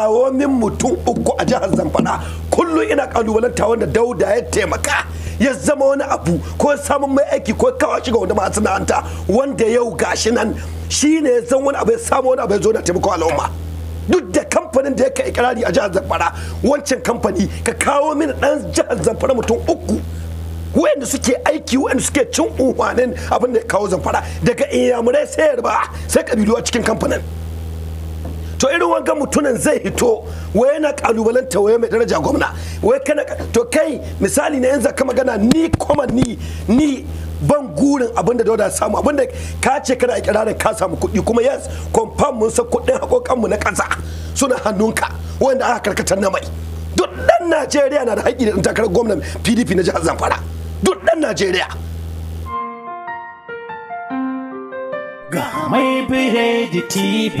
kawo min mutum uku a jihar zamfara kullum ina kalubalanta wanda dauda ya taimaka ya zama wani abu ko samun mai aiki ko kawo ga wani masana'anta wanda yau gashi nan shine ya zan wani abu ya samu wani abu ya zo na taimako al'umma duk da kamfanin da ya kai ikirari a jihar zamfara wancan kamfani ka kawo min dan jihar zamfara mutum uku wayanda suke aiki wayanda suke cin unhwanin abin da ya kawo zamfara daga inyamurai sai yarba sai kabilu a cikin kamfanin to irin wanga mutunan zai hito wai yana kalubalanta waye mai daraja gwamna waye kana to kai misali na yanzu ka magana ni kuma ni ni ban gurin abin da dauda samu abin da ka ce kana ikirarin ka samu kuɗi kuma yes confirm mun san kuɗin hakokanmu na ƙasa suna hannunka wanda aka karkatar na mai duk ɗan najeriya na da haƙƙi da takara gwamnan pdp na jihar zamfara duk ɗan najeriya ga mai da tv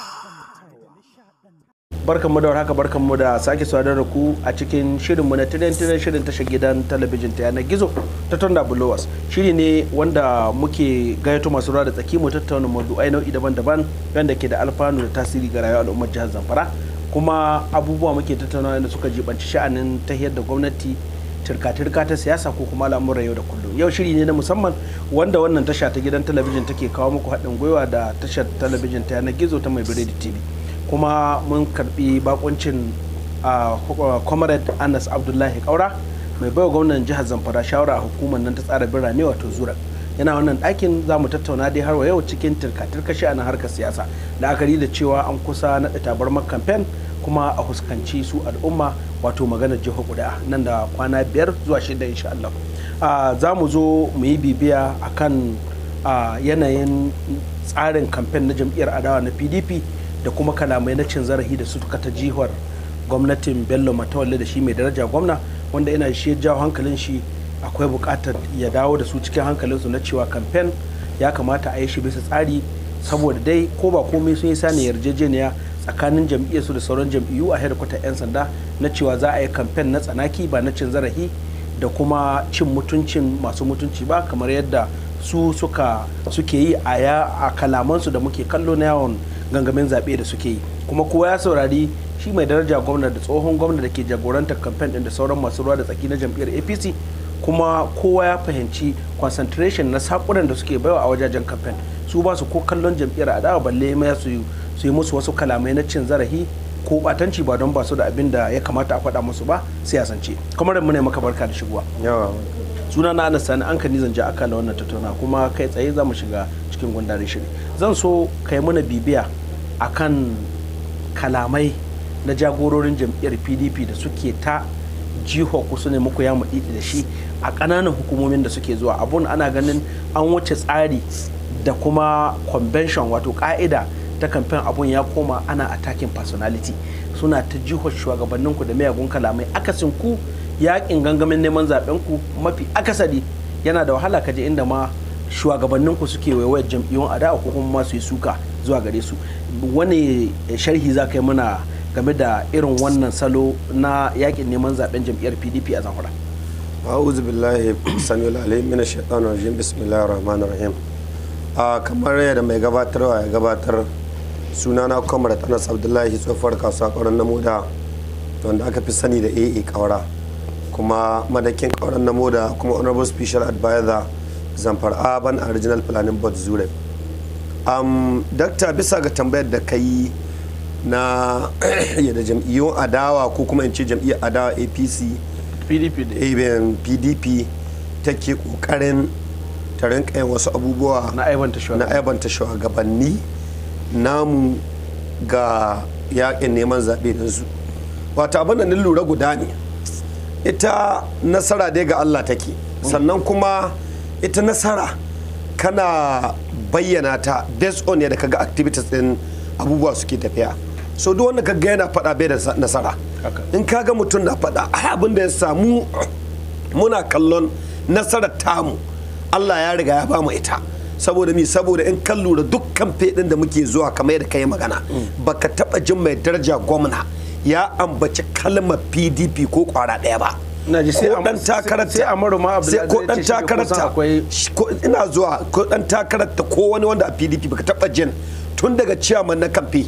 barkanmu da warhaka barkanmu da sake sadar da ku a cikin shirinmu na tiren shirin tashar gidan talabijin ta yanar gizo ta tonda blowers shiri ne wanda muke gayyato masu ruwa da tsaki mu tattauna maudu'ai nau'i daban-daban wanda ke da alfanu da tasiri ga rayuwar al'ummar jihar zamfara kuma abubuwa muke tattaunawa da suka jibanci sha'anin tahiyar da gwamnati turka-turka ta siyasa ko kuma al'amuran yau da kullum yau shiri ne na musamman wanda wannan tasha ta gidan talabijin take kawo muku haɗin gwiwa da tashar talabijin ta yanar gizo ta mai biredi tv kuma mun karbi bakuncin comrade anas abdullahi kaura mai baiwa gwamnan jihar zamfara shawara a hukumar nan ta tsara birane wato zura yana wannan ɗakin za mu tattauna dai har wa yau cikin tirka-tirka shi a na harkar siyasa la'akari da cewa an kusa naɗa tabarmar kamfen kuma a fuskanci su al'umma wato magana jihar guda nan da kwana biyar zuwa shida insha Allah za mu zo mu yi bibiya akan yanayin tsarin kamfen na jam'iyyar adawa na pdp da kuma kalamai na cin zarafi da suka ta jihar gwamnatin bello matawalle da shi mai daraja gwamna wanda yana shi jawo hankalin shi akwai bukatar ya dawo da su cikin hankalin su na cewa kamfen ya kamata a yi shi bisa tsari saboda dai ko ba komai sun yi sani yarjejeniya tsakanin jam'iyyar su da sauran jam'iyyu a kwata 'yan sanda na cewa za a yi kamfen na tsanaki ba na cin zarafi da kuma cin mutuncin masu mutunci ba kamar yadda su suka suke yi a kalamansu da muke kallo na yawon gangamin zaɓe da suke yi kuma kowa ya saurari shi mai daraja gwamna da tsohon gwamna da ke jagorantar kamfen ɗin da sauran masu ruwa da tsaki na jam'iyyar apc kuma kowa ya fahimci concentration na sakunan da suke baiwa a wajajen kamfen su ba su ko kallon jam'iyyar adawa balle ma su yi musu wasu kalamai na cin zarafi ko batanci ba don ba su da abin da ya kamata a faɗa musu ba siyasance kamar mu ne maka barka da shigowa suna na anas sani an ka nizan je aka wannan tattauna kuma kai tsaye za mu shiga cikin gundarin shiri zan so kai mana bibiya akan kalamai na jagororin jam'iyyar pdp da suke ta jiho ku ne muku ya maɗiɗi da shi a kananan hukumomin da suke zuwa abun ana ganin an wuce tsari da kuma convention wato ƙa'ida ta kamfen abun ya koma ana attacking personality suna ta jihar shugabanninku da miyagun kalamai akasin ku yakin gangamin neman zaben ku mafi akasari yana da wahala kaje inda ma shugabannin ku suke waiwayar jam'iyyun adawa ko kuma masu yi suka zuwa gare su wani eh, sharhi za ka yi mana game da irin wannan salo na yakin neman zaben jam'iyyar pdp a zamfara a'udhu billahi min rajim bismillahir rahmanir rahim a kamar yadda mai gabatarwa ya gabatar sunana kwamar anas abdullahi tsofar kasuwa kauran namuda wanda aka fi sani da aa kaura kuma madakin kauran namo da kuma honorable special advisor zamfar urban original planning board zure um, dakta bisa ga tambayar da ka yi na yadda jam'iyyun adawa ko kuma in ce jam'iyyar adawa apc pdp pdp eh, take kokarin ta kayan wasu abubuwa na aibanta shugabanni namu ga yakin neman zaɓe da su wata abin da lura guda ne ita nasara dai ga Allah take sannan kuma ita nasara kana bayyana ta based on yadda kaga activities din abubuwa suke tafiya so duk wanda kaga yana faɗa bai da nasara in kaga mutum na faɗa abin da ya samu muna kallon nasarar tamu Allah ya riga ya bamu ita saboda mi saboda in kan lura dukkan fedin da muke zuwa kamar yadda kai magana mm. baka taba jin mai daraja gwamna ya ambaci kalmar pdp ko kwara daya ba ko dan takararta ta ko dan ina zuwa ko takararta ko wani wanda a pdp baka taba jin tun daga ciyaman na kamfe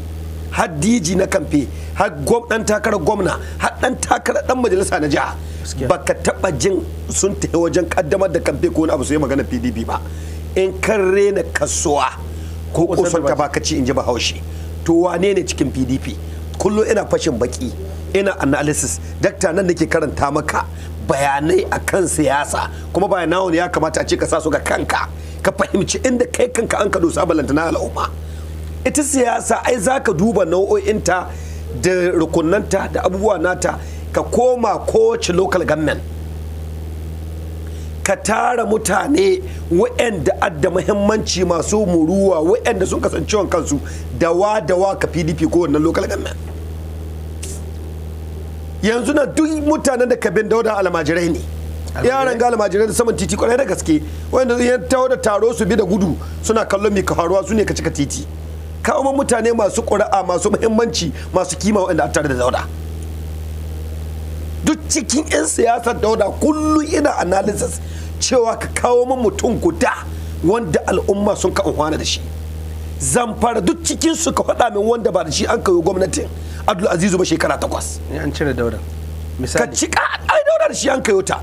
har dg na kamfe har dan takarar gwamna har dan takarar dan majalisa na jiha baka taba jin sun tafi wajen kaddamar da kamfe ko wani abu sai magana pdp ba in kan rena kasuwa ko kusan ta baka ci in ji bahaushe to wane ne cikin pdp kullum ina fashin baki ina analysis dakta nan da ke karanta maka bayanai a kan siyasa kuma bayanawa ne ya kamata a ce ka sa su ga kanka ka fahimci inda kai kanka an ka dosa balanta na al'umma ita siyasa ai za ka duba nau'o'inta da rukunanta da abubuwa nata ka koma kowace local government ka tara mutane wa'anda adda muhimmanci masu muruwa wa'anda sun kasancewan kansu dawa dawa ka pdp ko wannan local government yanzu na duk mutanen da kabin dauda almajirai ne yaran ga almajirai da saman titi kwarai da gaske wanda zai ta da taro su bi da gudu suna kallon mai karuwa su ne ka cika titi kawo mutane masu kuri'a masu mahimmanci masu kima wanda a tare da dauda duk cikin 'yan siyasar dauda kullum ina analysis cewa ka kawo min mutum guda wanda al'umma sun ka da shi zamfara duk cikinsu ka faɗa min wanda ba da shi an kawo gwamnatin abdul azizu ba shekara takwas an cire daura. misali ka cika ai daura shi an kai wata.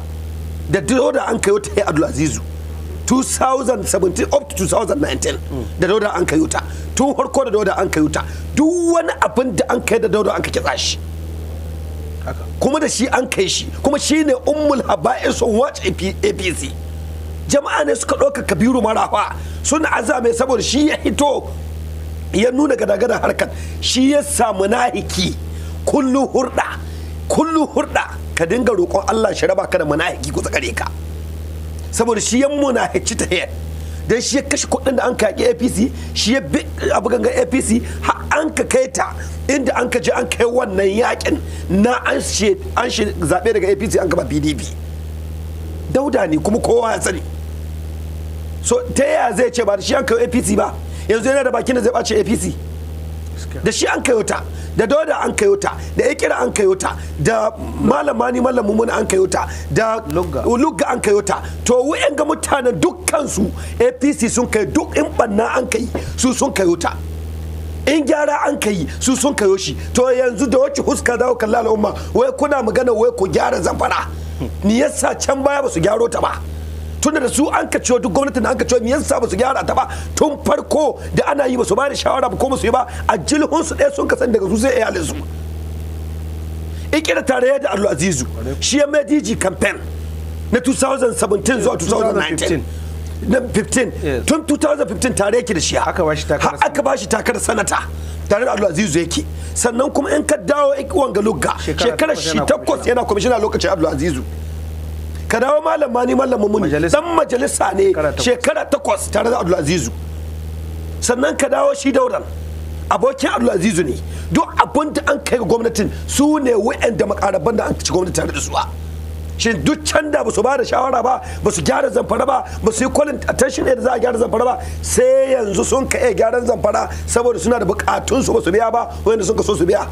da daura an kai wata ya abdul azizu 2017 up to 2019 da daura an kai wata. tun harko da daura an kai wata. duk wani abin da an kai da daura an kake tsashi kuma da shi an kai shi kuma shi ne ummul haba'isun watch apc jama'a ne suka ɗauka kabiru marafa suna azame saboda shi ya hito ya nuna gada harkar shi ya samu nahiki kullu hurda kullu hurda ka dinga roƙon Allah shi raba ka da manahiki kusa gare ka saboda shi ya munafici ta hiyar dan shi ya kashe kuɗin da an ka yaƙi APC shi ya bi abu gangan APC har an ka kai ta inda an ka je an kai wannan yakin na an shi zaɓe daga APC an gaba PDP dauda ne kuma kowa ya sani so ta yaya zai ce ba da shi an kai APC ba yanzu yana da bakin da zai ɓace apc da shi an kayota da doda an kayota da ikira an kayota da malama ni malam mumuna an kayota da lugga an kayota to wayan ga mutanen su apc sun kai duk in banna an kai su sun kayota in gyara an kai su sun kayo shi to yanzu da wacce huska ku kalla al'umma wai kuna magana wai ku gyara zamfara ni hmm. yasa can baya ba su gyaro ta ba tun da su an kaciwo duk gwamnatin da an kaciwo me yasa ba su gyara ta ba tun farko da ana yi ba su ba shawara ba ko ba su yi ba a jilhun su ɗaya sun kasan daga su sai iyalin su ikira tare da Allo Azizu shi ya mai DG campaign na 2017 zuwa 2019 na 15 tun 2015 tare yake da shi aka ba shi takarar sanata tare da Azizu yake sannan kuma in ka dawo ga lugga shekara shi takwas yana kwamishina lokacin Azizu ka dawo malam ma ni malam muni dan majalisa ne shekara takwas tare da abdulazizu sannan ka dawo shi dauran abokin abdulazizu ne duk abin an kai ga gwamnatin su ne da makaraban da an ci gwamnati tare da su a shin duk can da ba su ba da shawara ba ba su gyara zamfara ba ba su yi kwalin attention da za a gyara zamfara ba sai yanzu sun ka iya gyaran zamfara saboda suna da su ba su biya ba wanda sun ka so su biya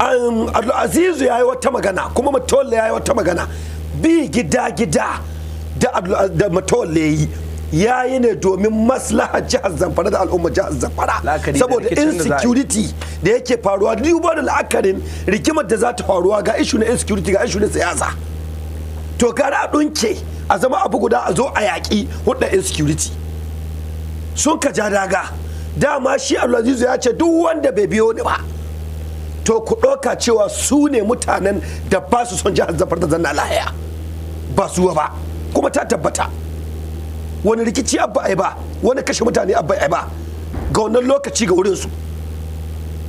Um, abdulaziz ya yi wata magana kuma matolle ya yi wata magana bi gida gida da matolle yi ya yi ne domin maslaha jihar zamfara da al'ummar jihar zamfara saboda insecurity da yake faruwa duba da la'akarin rikimar da za ta faruwa ga ishu na insecurity ga ishu na siyasa to gara a dunke a zama abu guda a zo a yaƙi hudda insecurity sun ka ja daga dama shi abdulaziz ya ce duk wanda bai biyo ni ba to ku ɗauka cewa su ne mutanen da ba su son jihar zafar da zanna lahaya ba su ba kuma ta tabbata wani rikici abba ai ba wani kashe mutane abba ai ba ga wannan lokaci ga wurin su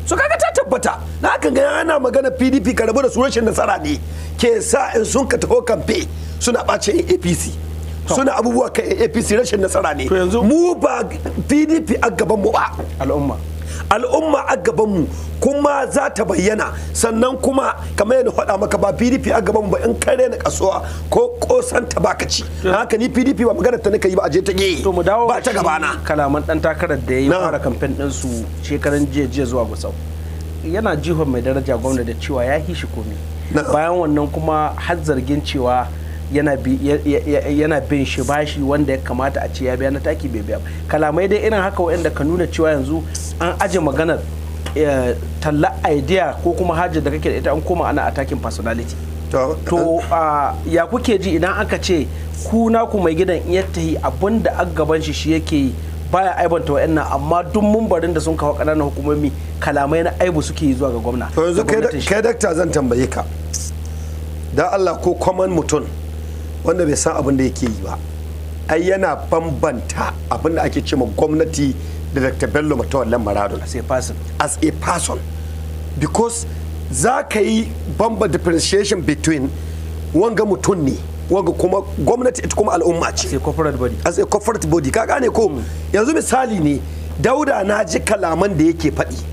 so kaga ta tabbata na hakan ga ana magana PDP ka rabu da su rashin nasara ne ke sa in sun ka taho kamfe suna ɓace APC suna abubuwa kan APC rashin nasara ne mu ba PDP a gaban mu ba al'umma al'umma a gabanmu kuma za ta bayyana sannan kuma kamar yadda faɗa maka ba pdp a gabanmu ba in kare na kasuwa ko kosan ta baka ci haka ni pdp ba magana ta nika yi ba a je ta ge ba ta gabana kalaman dan takarar da ya yi fara kamfen din su shekaran jiya jiya zuwa gusau yana jihar mai daraja gwamna da cewa ya hishi komi bayan wannan kuma har zargin cewa yana bin shi bashi wanda ya kamata a ce ya biya na taki bai biya kalamai dai irin haka wa'anda ka nuna cewa yanzu an aje maganar eh, talla idea ko kuma hajjar da kake da ita an koma ana attacking personality to eh, ya kuke ji idan aka ce ku mai gidan iya tahi abin da an gaban shi shi yake yi baya aibanta wa'annan amma duk mumbarin da sun kawo ƙananan hukumomi kalamai na aibu suke yi zuwa ga gwamna to yanzu kai dakta zan tambaye ka da Allah ko common mutum wanda bai san abin da yake yi ba ai yana bambanta abin da ake cewa gwamnati da dr bello matawallan maradon as a person as a person because za ka yi bamba differentiation between wanga mutum ne wanga kuma gwamnati ita kuma al'umma ce as a corporate body as a corporate body ka gane ko mm. yanzu misali ne dauda na ji kalaman da yake faɗi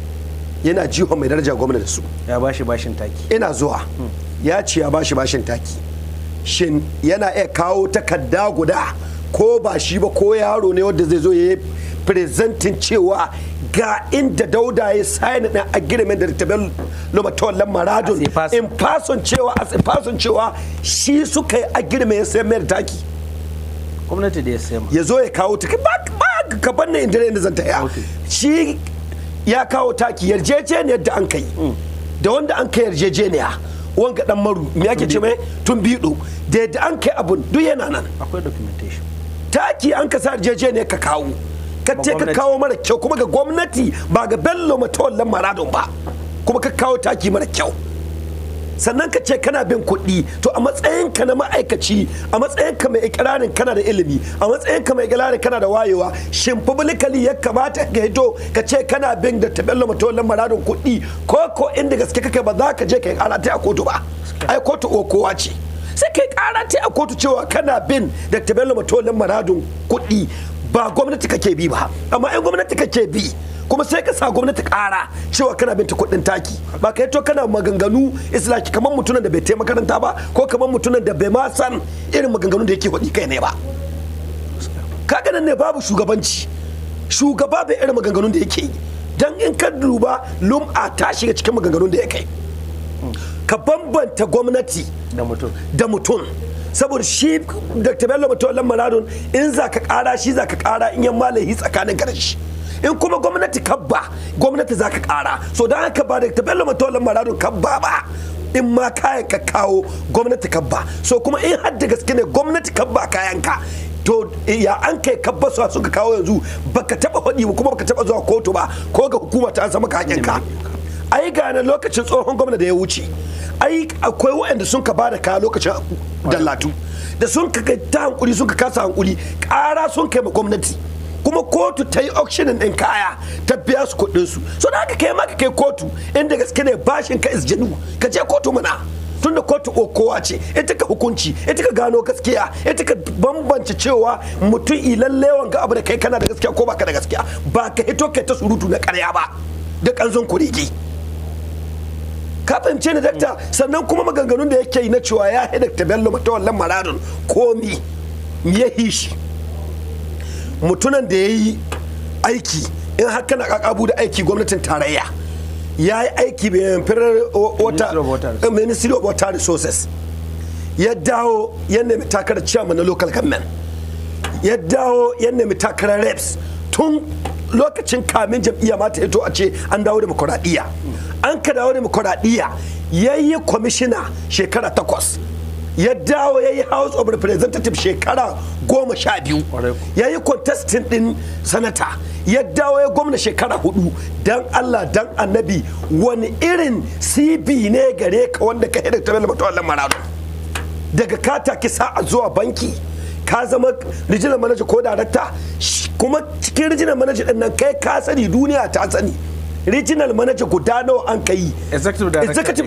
yana jiho mai daraja gwamnati da su ya bashi bashin taki ina zuwa mm. ya ce ya bashi bashin taki shin yana iya kawo takarda guda ko ba shi ba ko yaro ne wanda zai zo ya yi presentin cewa ga inda dauda ya sign na agreement da tabel lomatol lamaradon in person cewa as a person cewa shi suka yi agreement ya sayar mayar taki gwamnati da ya sayar ya zo ya kawo taki ba ba ka banne inda ne zan taya shi ya kawo taki yarjejeniyar da an kai mm. da wanda an kai yarjejeniya wanga dan maru me ake ce mai tumbido da yadda an kai abun duk yana nan akwai documentation taki an ka sa jeje ne ka kawo ka te ka kawo mara kyau kuma ga gwamnati ba ga bello matawallan maradon ba kuma ka kawo taki mara kyau sannan ka ce kana bin kuɗi to a matsayinka na ma'aikaci a matsayinka mai ikirarin kana da ilimi a matsayin ka mai ikirarin kana da wayewa shin publicly ya kamata ka hito ka ce kana bin da tabello matawallan maradin kuɗi ko ko inda gaske kake ba za ka je ka yi karata a kotu ba ai kotu o kowa ce sai kai karata a kotu cewa kana bin da tabello matawallan maradin kuɗi ba gwamnati kake bi ba amma ai gwamnati kake bi kuma sai ka sa gwamnati kara cewa kana binta kuɗin taki ba yi to kana maganganu islaki kamar mutumin da bai taimaka makaranta ba ko kamar mutumin da bai ma san irin maganganun da yake kuɗi kai ne ba ka nan ne babu shugabanci shugaba bai irin maganganun da yake yi dan in ka duba a ta shiga cikin maganganun da ya kai ka bambanta gwamnati da mutum saboda shi dr bello mutum lamar in za ka kara shi za ka kara in yan malahi tsakanin shi. in kuma gwamnati kabba gwamnati za ka kara so don haka ba da tabello matawalan kabba ba in ma kayan ka kawo gwamnati kabba so kuma in har da gaske ne gwamnati kabba kayan ka to eh, ya an kai kabba su suka kawo yanzu baka taba faɗi kuma baka taba zuwa kotu ba ko ga hukuma ta an sama ka ai gane lokacin tsohon gwamnati da ya wuce ai akwai waɗanda sun ka ba da kaya lokacin dallatu da sun ka ta hankuri sun ka kasa hankuri kara sun kai ma gwamnati kuma kotu ta yi auctioning ɗin kaya ta biya su kuɗin su so da aka kai ma ka kai kotu inda gaske ne bashin ka isjinu ka je kotu muna tunda kotu kowa ce ita ka hukunci ita ka gano gaskiya ita ka bambance cewa mutum ilallewan ga abu da kai kana da gaskiya ko baka da gaskiya ba ka hito kai ta surutu na karya ba da kanzon kurigi ka fahimce ni dakta sannan kuma maganganun da yake yi na cewa ya hidakta bello matawallan maradun komi ya hishi mutunan da ya yi aiki in har kana kakabu da aiki gwamnatin tarayya ya yi aiki mai eh, ministry of water resources ya dawo ya nemi takar chairman na local government ya dawo ya nemi reps tun lokacin kamin jam'iyya mata ya to a ce an dawo da demokuraɗiyya an ka dawo da demokuraɗiyya ya yi kwamishina shekara takwas ya dawo ya yi house of representatives shekara goma sha biyu ya yi contesting din sanata ya dawo ya gwamna shekara hudu dan allah dan annabi wani irin cb ne gare ka wanda ka hidda tabbata matawallan marado daga kata a zuwa banki ka zama rijinar manaja ko darakta kuma cikin rijinar manaja din nan kai ka sani duniya ta sani regional manager guda nawa an kai executive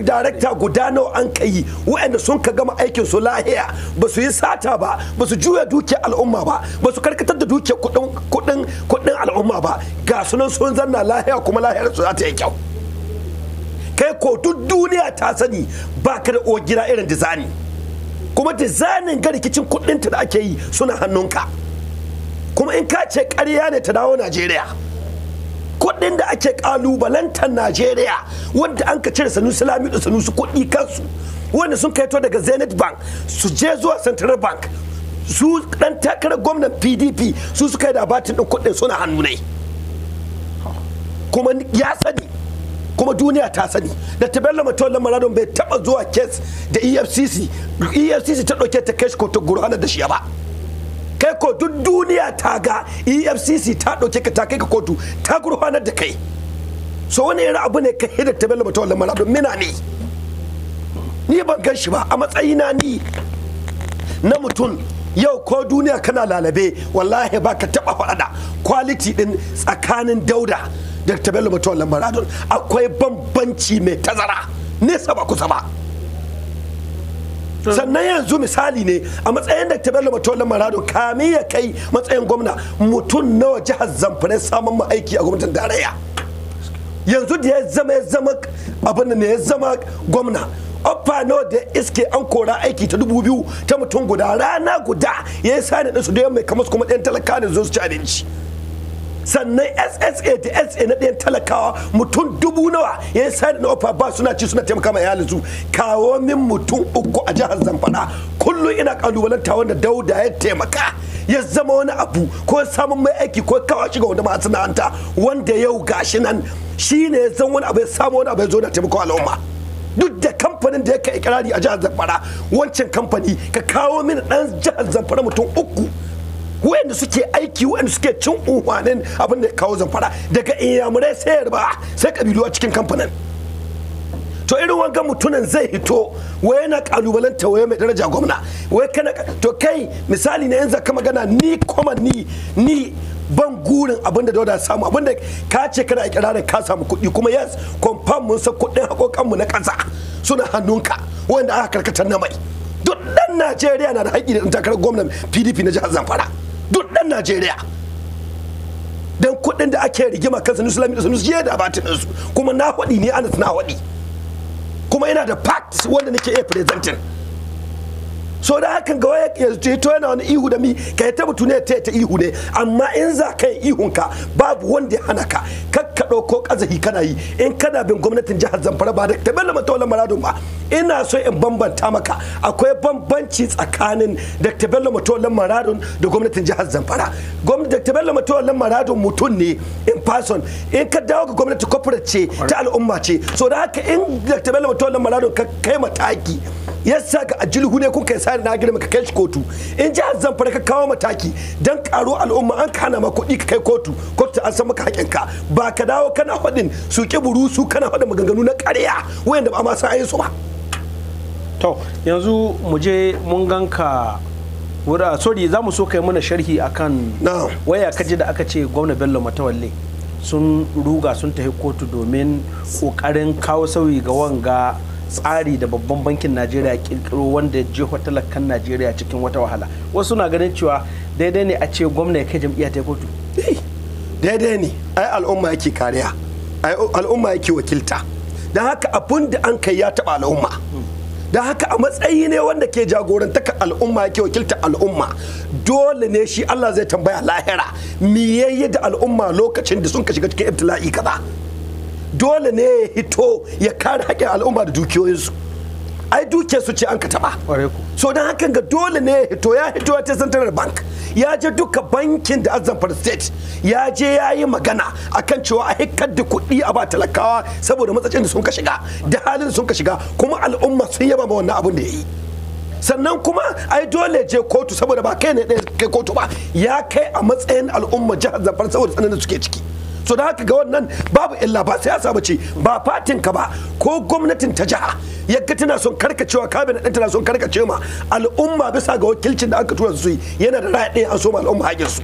director guda nawa an kai waɗanda sun ka gama aikin su lahiya ba su yi sata ba ba su juya duke al'umma ba ba su karkatar da dukiyar kuɗin al'umma ba ga sunan sun zanna lahiya kuma lahiyar su za ta yi kyau kai ko duk duniya ta sani ba ka da ogira irin dizani kuma dizanin ga rikicin kuɗinta da ake yi suna hannunka kuma in ka ce ƙarya ne ta dawo najeriya kuɗin da ake kalubalantar najeriya wanda an ka cire sanusi lamido sanusi kuɗi kansu wanda sun kaito daga zenith bank su je zuwa central bank su dan takarar gwamnan pdp su suka yi da batin ɗin kuɗin suna hannu ne kuma ya sani kuma duniya ta sani da tabella mutuwar maradon bai taba zuwa kes da efcc efcc ta ɗauke ta kai shi ko ta gurhana da shi ba kai ko duk duniya ta ga efcc ta ɗauke ka ta kai ka kotu ta gurfanar da kai so wani irin abu ne ka hidda ta bello mata wallan mina ne ni ban gan shi ba a matsayina ni na mutum yau ko duniya kana lalabe wallahi ba ka taɓa faɗa kwaliti ɗin tsakanin dauda da ta bello mata wallan akwai bambanci mai tazara nesa ba kusa ba sannan yanzu misali ne a matsayin da tabello matola marado kami ya kai matsayin gwamna mutum nawa jihar zamfara samun mu aiki a gwamnatin tarayya yanzu da ya zama ya zama abin ne ya zama gwamna Opa nawa da iske an kora aiki ta dubu biyu ta mutum guda rana guda ya yi sani su da yamma kamar kuma ɗan talaka ne zuwa su ci abinci sannan ssa da sa na ɗayan talakawa mutum dubu nawa ya yi sayar na ofa ba suna ci suna taimaka ma iyalinsu kawo min mutum uku a jihar zamfara kullum ina kalubalanta wanda dauda ya taimaka ya zama wani abu ko samun mai aiki ko kawo shi ga wani masana'anta wanda yau gashi nan shine ya zan wani abu ya samu wani abu ya zo na taimako al'umma duk da kamfanin da ya kai ikirari a jihar zamfara wancan kamfani ka kawo min ɗan jihar zamfara mutum uku wayanda suke aiki wayanda suke cin unhwanin abin da kawo zamfara daga inyamurai sai yarba sai kabilu a cikin kamfanin to irin wanga mutunan zai hito waye na kalubalanta wai mai daraja gwamna waye kana to kai misali na yanzu ka magana ni kuma ni ni ban gurin abin da dauda samu abin da ka ce kana ikirarin ka samu kuɗi kuma yes confirm mun sa kuɗin hakokanmu na ƙasa suna hannunka wanda aka karkatar na mai duk ɗan najeriya na da haƙƙi da takarar gwamnan pdp na jihar zamfara duk ɗan najeriya don kudin da ake rigima kansa nusu lamido sanusi je da batinin su kuma na faɗi ne ana na faɗi kuma yana da facts wanda nake iya presenting so da hakan ga waya ya to yana wani ihu da mi ka ya taba ne ta ta ihu ne amma in za ka yi ihun ka babu wanda ya hana ka kakka ɗauko ƙazahi kana yi in kana bin gwamnatin jihar Zamfara ba da tabella mata wala maradun ba ina so in bambanta maka akwai bambanci tsakanin Dr. Bello Matolan Maradon da gwamnatin jihar Zamfara gwamnati Dr. Bello Matolan Maradon mutum ne in person in ka dawo ga gwamnati corporate ce ta al'umma ce so da haka in Dr. Bello Matolan Maradon ka kai mataki yasa ka a jilhu ne kuka sa na girma maka kai shi kotu in jihar fara ka kawo mataki dan karo al'umma an kana ma kuɗi ka kai kotu kotu an san maka ka ba ka dawo kana haɗin su ki buru su kana faɗin maganganu na ƙarya wayanda ba ma san ayin su ba to yanzu mu je mun ka wura ah, sori za mu so kai mana sharhi akan waya kaji da aka ce gwamna bello matawalle sun ruga sun tafi kotu domin kokarin kawo sauyi ga wanga tsari da babban bankin najeriya kirkiro wanda jefa talakan najeriya cikin wata wahala wasu na ganin cewa daidai ne a ce gwamna ya kai jam'iyya ta kotu eh, daidai ne ai al'umma yake kariya ai al'umma yake wakilta don haka abun da an kai ya taba al'umma don haka a matsayi ne wanda ke jagorantaka al'umma yake wakilta al'umma dole ne shi Allah zai tambaya lahira me yayi da al'umma lokacin da sun ka shiga cikin ibtila'i kaza dole ne ya hito ya kare haƙƙin al'umma da dukiyoyinsu ai duke su ce an ka taba so don hakan ga dole ne ya hito ya hito ya central bank ya je duka bankin da azamfar state ya je ya yi magana akan cewa a hikar da kuɗi a ba talakawa saboda matsacin da sun ka shiga da halin da sun ka shiga kuma al'umma sun yaba ma wannan abin da ya yi sannan kuma ai dole je kotu saboda ba kai ne ɗaya kai kotu ba ya kai a matsayin al'umma jihar zamfara saboda tsananin suke ciki so da haka ga wannan babu illa ba ya ba ce ba fatin ka ba ko gwamnatin ta jiha ga tana son karkacewa kabinet ɗin tana son karkace ma al'umma bisa ga wakilcin da aka tura su yi yana da ra'ayi ɗaya an so ma al'umma haƙin su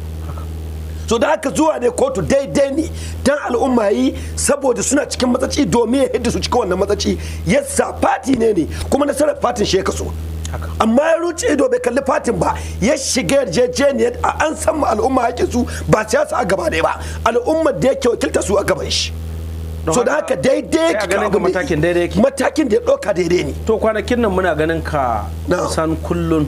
so da haka zuwa ne kotu daidai ne dan al'umma yi saboda suna cikin matsaci domin ya hidda su cikin wannan matsaci yasa fati ne ne kuma nasarar fatin shi ya kaso amma ya ruce ido bai kalli fatin ba ya shiga yarjejeniyar a an san al'umma haƙƙin su ba siyasa a gaba ne ba al'ummar da yake wakilta su a gaban shi so da haka daidai ka ganin matakin daidai ki matakin da ya ɗauka daidai ne to kwanakin nan muna ganin ka san kullun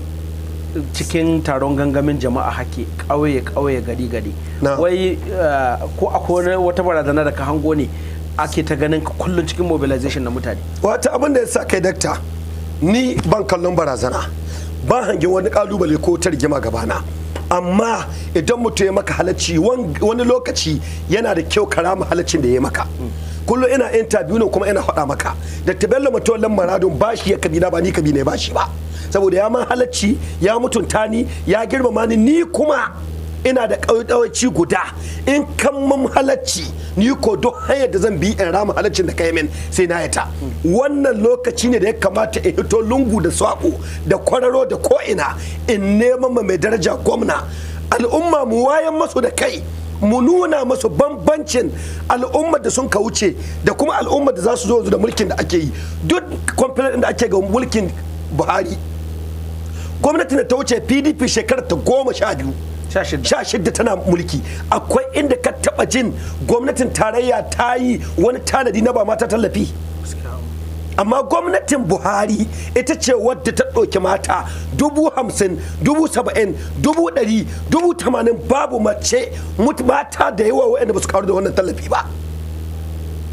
cikin taron gangamin jama'a hake ƙauye ƙauye gari gari wai eh, ko akwai wata barazana da ka hango ne ake ta ganin kullun cikin mobilization na mutane wata abin da ya sa kai dakta ni ban kallon barazana ban hangen wani kalubale ko ta rigima gabana amma idan mutum ya maka halacci wani lokaci yana da kyau rama halaccin da ya maka kullum ina interview ne kuma ina faɗa maka da tabella mutum maradon bashi ya kabila ba ni kabila ba shi ba saboda ya man halacci ya mutunta ni ya girmama ni ni kuma ina da ƙauyaci guda in kan mun halacci ni ko duk hanyar da zan bi in rama halaccin da kai min sai na yata wannan lokaci ne da ya kamata in hito lungu da saƙo da kwararo da ko'ina in neman ma mai daraja gwamna al'umma mu wayan masu da kai mu nuna masu bambancin al'ummar da sun ka wuce da kuma al'ummar da za su zo da mulkin da ake yi duk kwamfanin da ake ga mulkin buhari gwamnati na ta wuce pdp shekarar ta goma sha biyu sha shidda tana mulki akwai inda ka taba jin gwamnatin tarayya ta yi wani tanadi na ba mata tallafi amma gwamnatin buhari ita ce wadda ta ɗauki mata dubu hamsin dubu saba'in dubu ɗari dubu tamanin babu mace mata da yawa wa'anda ba su karu da wannan tallafi ba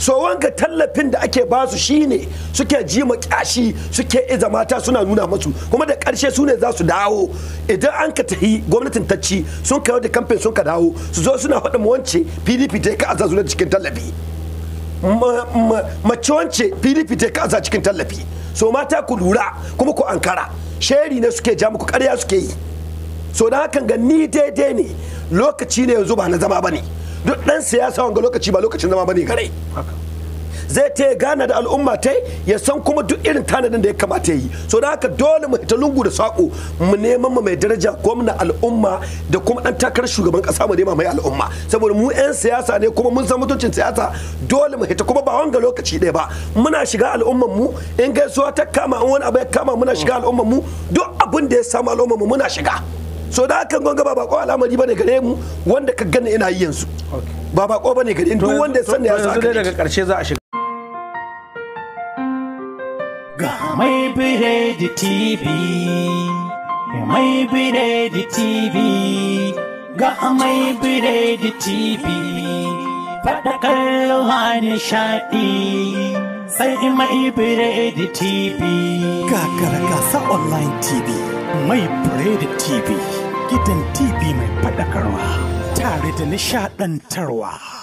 so wanga tallafin da ake ba su shine suke ji kyashi suke iza mata suna nuna musu kuma da karshe su ne za su dawo idan an ka tahi gwamnatin ta sun kawo da kamfen sun ka dawo su zo suna faɗa mu wance PDP ta ka aza zuwa cikin tallafi mace wance PDP ta ka aza cikin tallafi so mata ku lura kuma ku ankara sheri ne suke ja muku ƙarya suke yi so da hakan ga ni daidai ne lokaci ne yanzu ba na zama ba ne duk dan siyasa wanga lokaci ba lokacin zama bane gare zai ta gana da al'umma ta ya san kuma duk irin tanadin da ya kamata yi so da haka dole mu ta lungu da sako mu neman mu mai daraja gwamna al'umma da kuma dan takarar shugaban kasa mu nema mai al'umma saboda mu yan siyasa ne kuma mun san mutuncin siyasa dole mu hita kuma ba wanga lokaci ɗaya ba muna shiga al'umman mu in gaisuwa ta kama in wani abu ya kama muna shiga al'umman mu duk abin da ya samu al'umman mu muna shiga so da hakan gonga ba bako al'amari bane gare mu wanda ka gani ina yi yanzu ba bako bane gare duk wanda ya sanda ya sa aka daga karshe za a shiga ga mai bire di tv mai bire di tv ga mai biredi tv faɗa kallon nishaɗi sai in mai biredi TV. Kakara sa online TV, mai biredi TV. gidan TV mai faɗakarwa tare da nishaɗantarwa.